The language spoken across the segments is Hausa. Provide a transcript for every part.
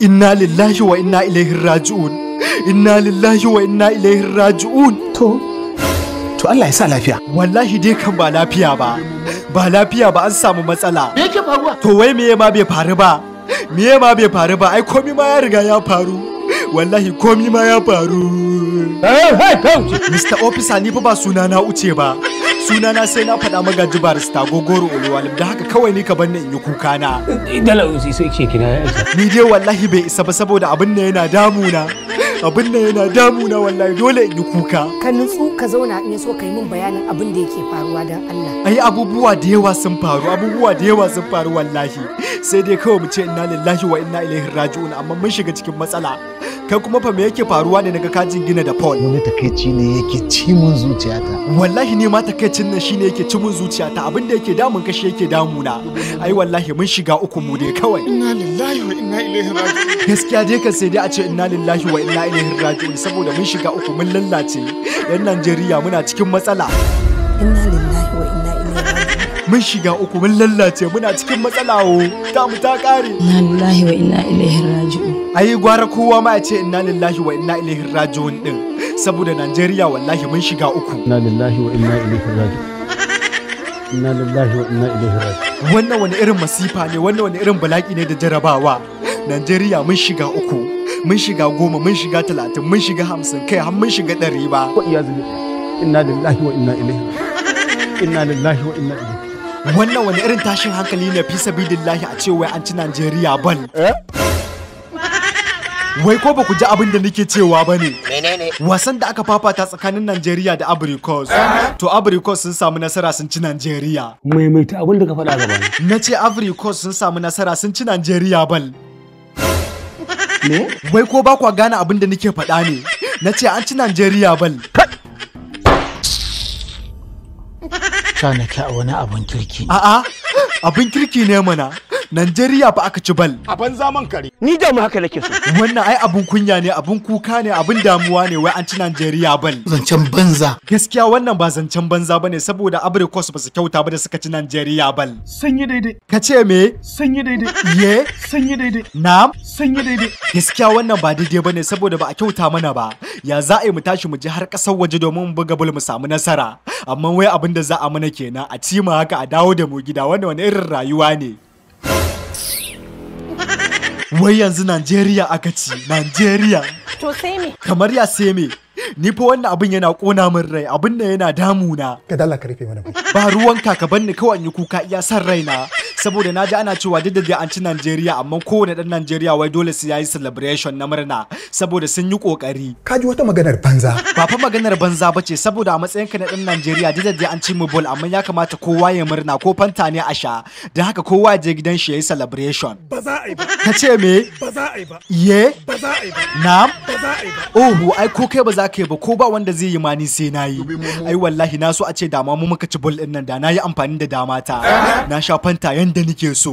inna lillahi wa inna ilaihi raji'un inna lillahi wa inna ilaihi raji'un to to Allah ya sa lafiya wallahi dai kan ba lafiya ba ba lafiya ba an samu matsala me yake faruwa to wai meye ma bai faru ba meye ma bai faru ba ai komi ma ya riga ya faru wallahi komi ma ya faru eh, Mr. Officer ni fa ba suna na uce ba suna na sai na faɗa maka jibar sta gogoro oluwalim da haka kawai ni ka bar in yi kuka na dala uzi sai ce kina ni dai wallahi bai isa ba saboda abin nan yana damuna abin nan yana damuna wallahi dole in yi kuka ka nutsu ka zauna in so ka yi min bayanin abin da yake faruwa dan Allah ai abubuwa da yawa sun faru abubuwa da yawa sun faru wallahi sai dai kawai mu ce inna lillahi wa inna ilaihi raji'un amma mun shiga cikin matsala kai kuma fa me yake faruwa ne naga ka jingina da Paul wani takeici ne yake ci mun zuciyata wallahi ni ma takeicin nan shine yake ci mun zuciyata abin da yake damun kashi yake damuna ai wallahi mun shiga uku mu dai kawai inna lillahi wa inna ilaihi raji'un gaskiya dai kan sai dai a ce inna lillahi wa inna ilaihi raji'un saboda mun shiga uku mun lallace yan Najeriya muna cikin matsala inna lillahi wa inna mun shiga uku mun lallace muna cikin matsala wo? Oh. ta mu ta kare inna lillahi wa inna ilaihi raji'un ayi gwara kowa ma a ce inna lillahi wa inna ilaihi raji'un din saboda Najeriya wallahi mun shiga uku inna lillahi wa inna ilaihi raji'un inna lillahi wa inna ilaihi raji'un wannan wani irin masifa ne wannan wani irin bala'i ne da jarabawa Najeriya mun shiga uku mun shiga goma mun shiga talatin mun shiga hamsin kai har mun shiga ɗari ba inna lillahi wa inna ilaihi inna lillahi wa inna ilaihi wannan wani irin tashin hankali ne fi sabidillahi a wai an ci Najeriya bal eh Wai ko ba ku ji abin da nake cewa ba ne? Wasan da aka fafata tsakanin Najeriya da Abrikos. Uh-huh. To Abrikos sun samu nasara sun ci Najeriya. ta abin da ka faɗa gaba. Na ce Abrikos sun samu nasara sun ci Najeriya bal. ne Wai ko ba kwa gane abin da nake faɗa ne? Na ce an ci Najeriya bal. Sha wani abin kirki. A'a, abin kirki ne mana. Najeriya ba aka ci bal. A banza man kare. Ni da mu haka nake so. Wannan ai abun kunya ne, abun kuka ne, abun damuwa ne wai an ci Najeriya bal. Zancen banza. Gaskiya wannan ba zancen banza bane saboda Abrikos ba su kyauta ba da suka ci Najeriya bal. Sun yi daidai. Ka ce me? Sun yi daidai. Ye? Sun yi daidai. Na'am? Sun yi daidai. Gaskiya wannan ba daidai bane saboda ba a kyauta mana ba. Ya za a yi mu tashi mu je har ƙasar waje domin mu buga bal mu samu nasara. Amma wai abin da za a mana kenan a ci mu haka a dawo da mu gida wannan wani irin rayuwa ne. wai yanzu Najeriya aka ci Najeriya to sai me kamar ya sai me ni fa wannan abin yana kona min rai abin nan yana damuna ka dalla ka rufe mana ba ruwan ka ka banni kawai in yi kuka iya san raina saboda ji ana cewa duk da an ci Najeriya amma kowane dan Najeriya wai dole sai yayi celebration na murna saboda sun yi kokari ji wata maganar banza ba fa maganar banza bace saboda a matsayin ka na dan Najeriya duk da an ci mu bol amma ya kamata kowa ya murna ko fanta ne a sha dan haka kowa je gidan shi yayi celebration ba za a yi ba ce me ba za a yi ba ye ba za a yi ba na'am ba za a yi ba oh ai ko kai ba za ka yi ba ko ba wanda zai yi ma ni sai nayi ai wallahi na so a ce dama mu muka ci bol din nan da nayi amfani da dama ta eh? na sha fanta yan da nake so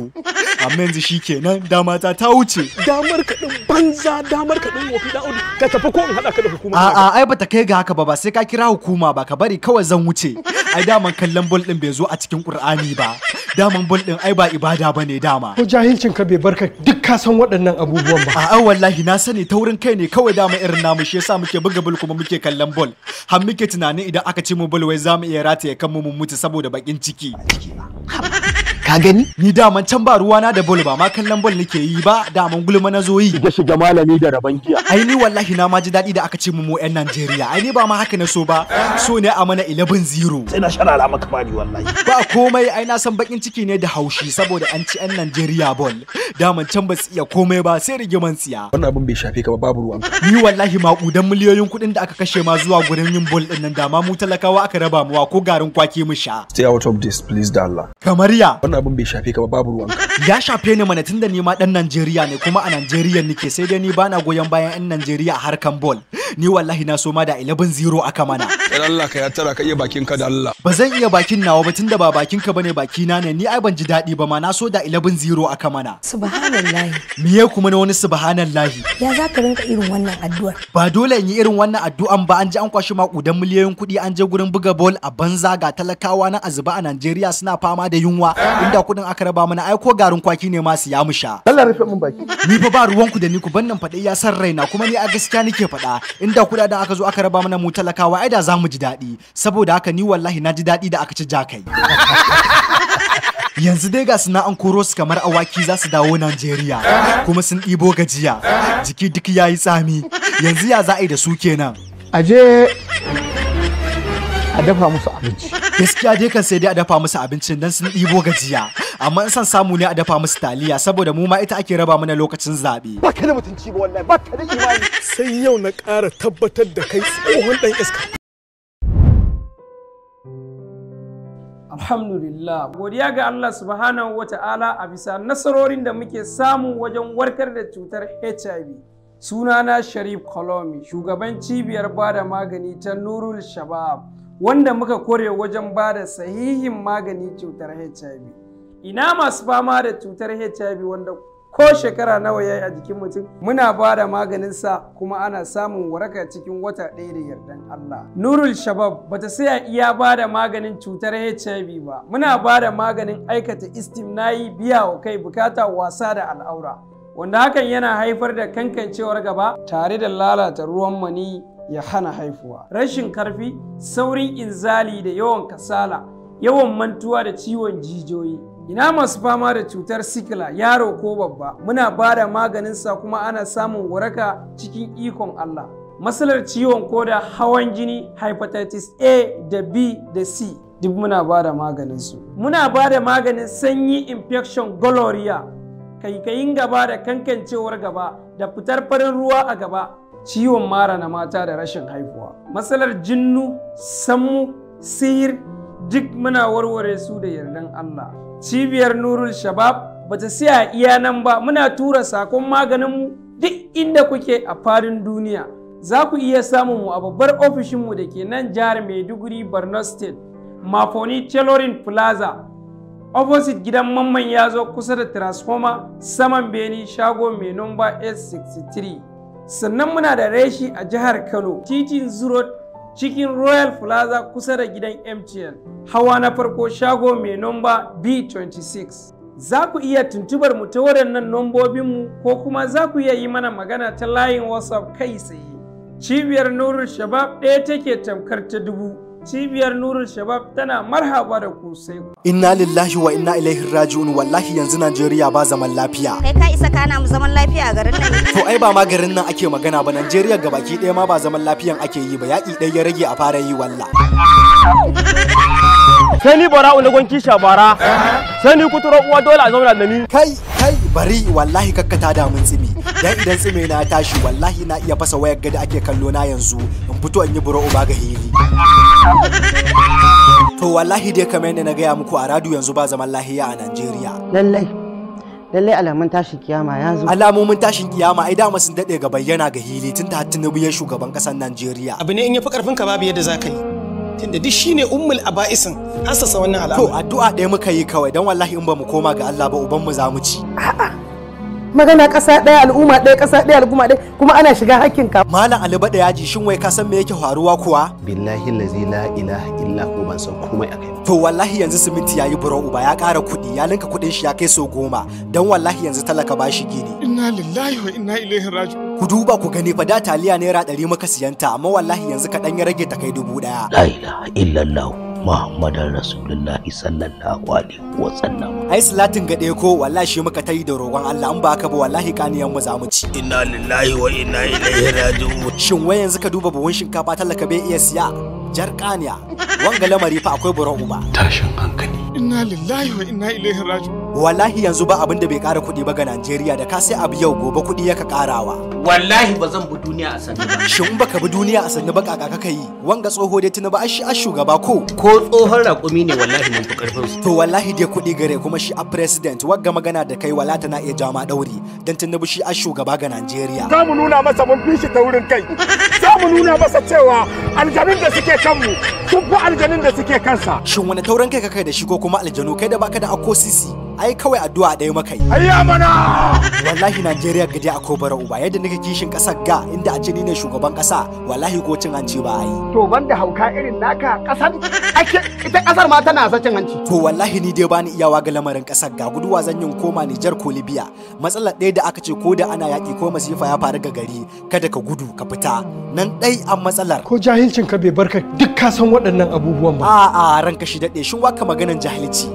amma yanzu shi kenan dama ta ta wuce damar din banza damar din wofi da audi ka tafi ko in haɗa ka da hukuma a'a ai bata kai ga haka ba ba sai ka kira hukuma ba ka bari kawai zan wuce ai daman kallon bol ɗin bai zo a cikin qur'ani ba daman bol ɗin ai ba ibada bane dama ko jahilcin ka bai barka duk ka san waɗannan abubuwan ba a'a wallahi na sani taurin kai ne kawai dama irin namu shi yasa muke buga bol kuma muke kallon bol har muke tunanin idan aka ce mu bol wai za mu iya rataye kanmu mu mutu saboda bakin ciki ka gani ni daman can ba ruwana da bol ba ma kallon bol nake yi ba daman gulma na zo yi shiga shiga malami da raban giya ai ni wallahi na ma ji daɗi da aka ce mu mu yan Najeriya ai ni ba ma haka na so ba so ne a mana 11-0 sai na sharara maka bani wallahi ba komai ai na san bakin ciki ne da haushi saboda an ci yan Najeriya bol daman can ba su iya komai ba sai rigiman tsiya wannan abin bai shafe ka ba babu ruwan ni wallahi ma kudan miliyoyin kuɗin da aka kashe ma zuwa gurin yin bol din nan da ma mu talakawa aka raba mu wa ko garin kwaki mu sha stay out of this please da Allah kamar ya wani abin bai shafe ka ba babu ka ya shafe ni mana tunda ni ma dan Najeriya ne kuma a Najeriya nake sai dai ni bana goyon bayan yan Najeriya a harkan ball ni wallahi na so ma da 11-0 aka mana dan Allah ka ya tara ka iya bakin ka da Allah ba zan iya bakin nawa ba tunda ba bakin ka bane baki na ne ni ai ban ji daɗi ba ma na so da 11-0 aka mana subhanallahi me ya kuma na wani subhanallahi ya za ka rinka irin wannan addu'a ba dole in yi irin wannan addu'an ba an ji an kwashi makudan miliyoyin kuɗi an je gurin buga ball a banza ga talakawa na azuba a Najeriya suna fama da yunwa inda kudin aka raba mana ai ko garin kwaki ne ma su ya musha Allah rufe min baki ni fa ba ruwanku da ni ku bannan faɗi ya san raina kuma ni a gaskiya nake faɗa inda kuɗaɗen aka zo aka raba mana mu talakawa ai da za mu ji daɗi saboda haka ni wallahi na ji daɗi da aka ci jakai yanzu dai ga suna an koro su kamar awaki za su dawo Najeriya kuma sun ɗibo gajiya jiki duk yayi yi tsami yanzu ya za da su kenan. Aje a dafa musu abinci. gaskiya dai kan sai dai a dafa musu abincin dan sun ɗibo gajiya amma in san samu ne a dafa musu taliya saboda mu ma ita ake raba mana lokacin zabe ba da mutunci ba wallahi ba da imani sai yau na ƙara tabbatar da kai tsohon dan iska Alhamdulillah, godiya ga Allah subhanahu wa ta'ala a bisa nasarorin da muke samu wajen warkar da cutar HIV. Sunana Sharif Kolomi, shugaban cibiyar bada magani ta Nurul Shabab. wanda muka kore wajen ba da sahihin magani cutar HIV. Ina masu fama da cutar HIV wanda ko shekara nawa ya yi a jikin mutum muna ba da maganinsa kuma ana samun waraka cikin wata ɗaya da yardan Allah. Nurul Shabab bata saya iya ba da maganin cutar HIV ba, muna ba da maganin aikata istimnayi biya wa kai bukata wasa da al'aura. Wanda hakan yana haifar da kankancewar gaba tare da lalata ruwan mani ya hana haifuwa rashin karfi saurin inzali da yawan kasala yawan mantuwa da ciwon jijiyoyi ina masu fama da cutar sikila yaro ko babba muna bada da maganinsa kuma ana samun waraka cikin ikon Allah matsalar ciwon koda hawan jini hepatitis A da B da C duk muna ba da maganinsu muna ba maganin sanyi infection gonorrhea kaikayin gaba da kankancewar gaba da fitar farin ruwa a gaba ciwon mara na mata da rashin haihuwa matsalar jinnu sammu sihir duk muna warware su da yardan Allah cibiyar nurul shabab bata siya iya nan ba muna tura sakon maganinmu duk inda kuke a fadin duniya za ku iya samun mu a babbar ofishinmu da ke nan jihar maiduguri borno state mafoni tailoring plaza opposite gidan mamman yazo kusa da transformer saman beni shago mai nomba S63. sannan muna da reshi a jihar kano titin zuro cikin royal plaza kusa da gidan mtn hawa na farko shago mai nomba b26 za ku iya tuntubar mu ta waɗannan mu ko kuma za ku iya yi mana magana ta layin whatsapp kai tsaye cibiyar nurul shabab ɗaya take tamkar ta dubu cibiyar nurul shabab tana marhaba da ku sai inna lillahi wa inna ilaihi raji'un wallahi yanzu najeriya ba zaman lafiya kai ka isa kana mu zaman lafiya a garin nan to ai ba ma garin nan ake magana ba najeriya gabaki ɗaya ma ba zaman lafiyan ake yi ba yaki ɗaya ya rage a fara yi walla sai ni bara ulagon kisha bara eh. sai ni kuturo uwa dole a zauna da ni kai kai bari wallahi kakkata da mun tsimi dan idan tsime na tashi wallahi na iya fasa wayar gada ake kallo na yanzu in fito in yi buro uba ga hili to wallahi dai kamar yadda na gaya muku a radio yanzu ba zaman lahiya a Najeriya lallai lallai alamun tashin kiyama ya zo alamomin tashin kiyama ai dama sun dade ga bayyana ga hili tun ta tinubu ya shugaban kasar Najeriya abu ne in yafi karfin ka babu yadda zaka yi tunda duk shine ummul aba'isin hassasa wannan al'amari to addu'a ɗaya muka yi kawai dan wallahi in ba mu koma ga Allah ba uban mu za mu ci magana ƙasa ɗaya al'umma ɗaya ƙasa ɗaya al'umma ɗaya kuma ana shiga hakkin ka malam ali bada yaji shin wai ka san me yake faruwa kuwa billahi lazi la ilaha illa hu ban san komai akai to wallahi yanzu siminti yayi buron uba ya ƙara kuɗi ya linka kuɗin shi ya kai so goma dan wallahi yanzu talaka ba shi gini inna lillahi wa inna ilaihi raji. ku duba ku gani fa da taliya naira ɗari muka siyanta amma wallahi yanzu kaɗan ya rage ta kai dubu ɗaya la ilaha illallah Muhammadan Rasulullahi sallallahu alaihi wa sallam. Ai salatin ga ko wallahi shi muka tayi da roƙon Allah in ba haka ba wallahi kaniyan mu za mu ci. Inna lillahi wa inna ilaihi raji'un. Shin wai yanzu ka duba buhun shinkafa talaka bai iya siya? Jar kaniya. Wanga lamari fa akwai bura uba. Tashin hankali. Inna lillahi wa inna ilaihi raji'un. wallahi yanzu ba abin da bai kara kuɗi ba ga Najeriya da ka sai abu yau gobe kuɗi yaka karawa wallahi ba zan bi duniya a sanni ba shin ka bi duniya a sanni ba kaka kaka yi wanga tsoho dai tuna ba ashi a shugaba ko ko tsohon raƙumi ne wallahi mun fi karfin su to wallahi dai kuɗi gare kuma shi a president wagga magana da kai wala tana iya jama dauri dan tunubu shi a shugaba ga Najeriya za mu nuna masa mun fi shi ta wurin kai za mu nuna masa cewa aljanun da suke kanmu sun fi aljanun da suke kansa shin wani tauran kai ka kai da shi ko kuma aljanu kai da baka da akosisi? ai kawai addu'a ɗaya maka yi ayya mana wallahi najeriya gadi a kobara uba yadda nake kishin ƙasar ga inda a ce ni ne shugaban ƙasa wallahi ko cin hanci ba ai to banda hauka irin naka ƙasar ake ita ƙasar ma tana sa cin hanci to wallahi ni dai bani iyawa ga lamarin ƙasar ga guduwa zan yin koma Nijar ko Libya matsalar ɗaya da aka ce ko da ana yaƙi ko masifa ya faru ga gari kada ka gudu ka fita nan ɗai an matsalar ko jahilcin ka bai barka duk ka san waɗannan abubuwan ba a a ranka shi daɗe shin waka maganan jahilci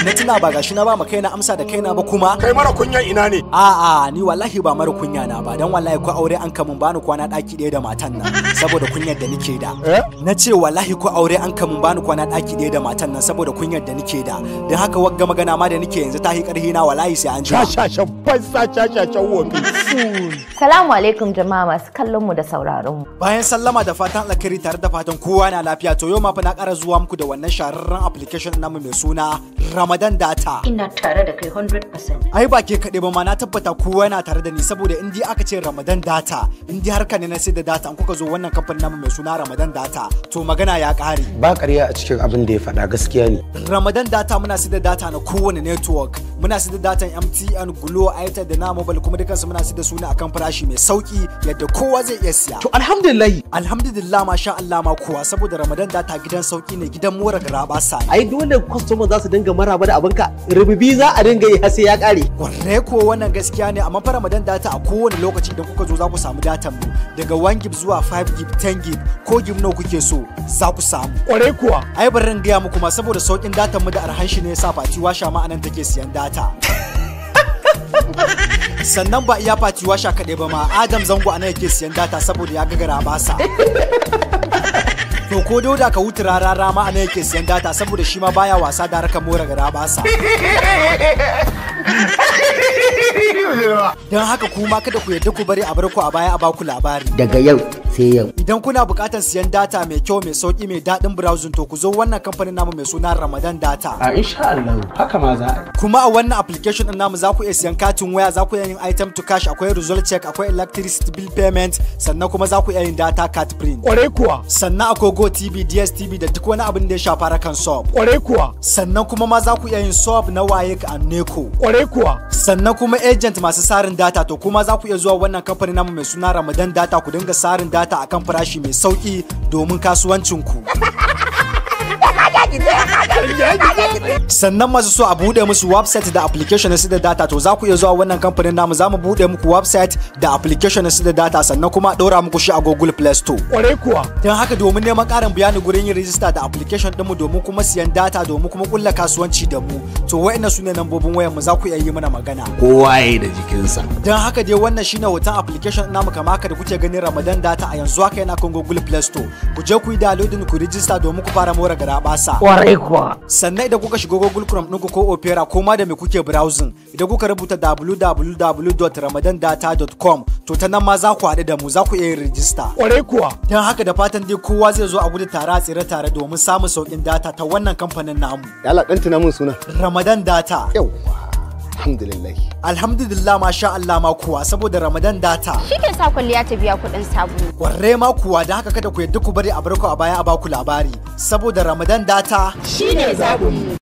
Ina tuna ba gashi na ba ma kaina amsa da kaina ba kuma kai mara kunya ina ne a a ni wallahi ba mara kunya na ba dan wallahi ko aure an kamun bani kwana ɗaki ɗaya da matan nan saboda kunyar da nike da eh? na ce wallahi ko aure an kamun bani kwana ɗaki ɗaya da matan nan saboda kunyar da nike da dan haka wagga magana ma da nike yanzu ta hi karhi na wallahi sai an ji shashashan banza shashashan wofi alaikum. Salamu alaikum jama'a masu kallon mu da sauraron mu. Bayan sallama da fatan alkhairi tare da fatan kowa na lafiya to yau ma fa na ƙara zuwa muku da wannan shahararren application namu mai suna Ramadan Data. Ina tare da kai 100%. Ai ba ke kaɗai ba ma na tabbata kowa na tare da ni saboda in dai aka ce Ramadan Data in dai harka ne na sai da data an kuka zo wannan kamfanin namu mai suna Ramadan Data to magana ya ƙare. Ba ƙarya a cikin abin da ya faɗa gaskiya ne. Ramadan Data muna sai da data na kowane network muna su da datan MTN Glo Airtel da na mobile kuma dukansu muna su da su ne akan farashi mai sauki yadda kowa zai iya siya to alhamdulillah alhamdulillah masha Allah ma kowa saboda Ramadan data gidan sauki ne gidan mora raba sa ai dole customer za su dinga maraba da abinka rububi za a dinga yi ya kare kwarai ko wannan gaskiya ne amma fa Ramadan data a kowane lokaci idan kuka zo za ku samu datan mu daga 1 gig zuwa 5 gig 10 gig ko gig nawa kuke so za ku samu kwarai kuwa ai barin gaya muku ma saboda saukin datan mu da arhan shi ne yasa fati washa ma anan take siyan data ta sannan ba iya faciwa sha kaɗai ba ma adam zango ana yake siyan data saboda ya gagara basa to ko doda ka wuce rara rama ana yake siyan data saboda shi ma baya wasa da harkar more gara sa don haka kuma kada ku yadda ku bari a bar ku a baya a baku labari daga yau sai yau idan kuna buƙatar siyan data mai kyau mai sauki mai daɗin browsing to ku zo wannan kamfanin namu mai suna Ramadan Data a insha Allah haka ma za a kuma a wannan application din namu za ku iya siyan katin waya za ku iya yin item to cash akwai result check akwai electricity bill payment sannan kuma za ku iya yin data card print kwarai kuwa sannan akwai Go TV, DSTV da duk wani abin da ya shafa rakan sub. Kwarai kuwa. Sannan kuma ma za ku iya yin sub na Wayek a Neko. Kwarai kuwa. Sannan kuma agent masu sarin data to kuma za ku iya zuwa wannan kamfanin namu mai suna Ramadan Data ku dinga sarin data akan farashi mai sauki domin kasuwancinku. sannan masu so a buɗe musu website da application su da data to za ku iya zuwa wannan kamfanin namu za mu buɗe muku website da application su da data sannan kuma ɗora muku shi a google play store ƙwarai kuwa don haka domin neman ƙarin bayani gurin yin register da application mu domin kuma siyan data domin kuma ƙulla kasuwanci da mu to wa'ina su ne nambobin wayanmu za ku iya yi mana magana kowa ya da jikinsa don haka dai wannan shine hoton application namu kama haka da kuke ganin ramadan data a yanzu haka yana kan google play store ku je ku yi downloading ku register domin ku fara more gara basa. kwarai kuwa sannan idan kuka shiga Google Chrome ɗinku ko Opera ko ma da me kuke browsing idan kuka rubuta www.ramadandata.com to ta nan ma za ku haɗu da mu za ku iya yin rijista kwarai kuwa don haka da fatan dai kowa zai zo a gudu tare a tsire tare domin samun sauƙin data ta wannan kamfanin namu yala ɗan tuna mun suna Ramadan Data yauwa alhamdulillah alhamdulillah masha Allah ma kuwa saboda ramadan data shi ke sa kwalliya ta biya kuɗin sabulu kwarre ma kuwa da haka kada ku yadda ku bari a barko a baya a baku labari saboda ramadan data shine ne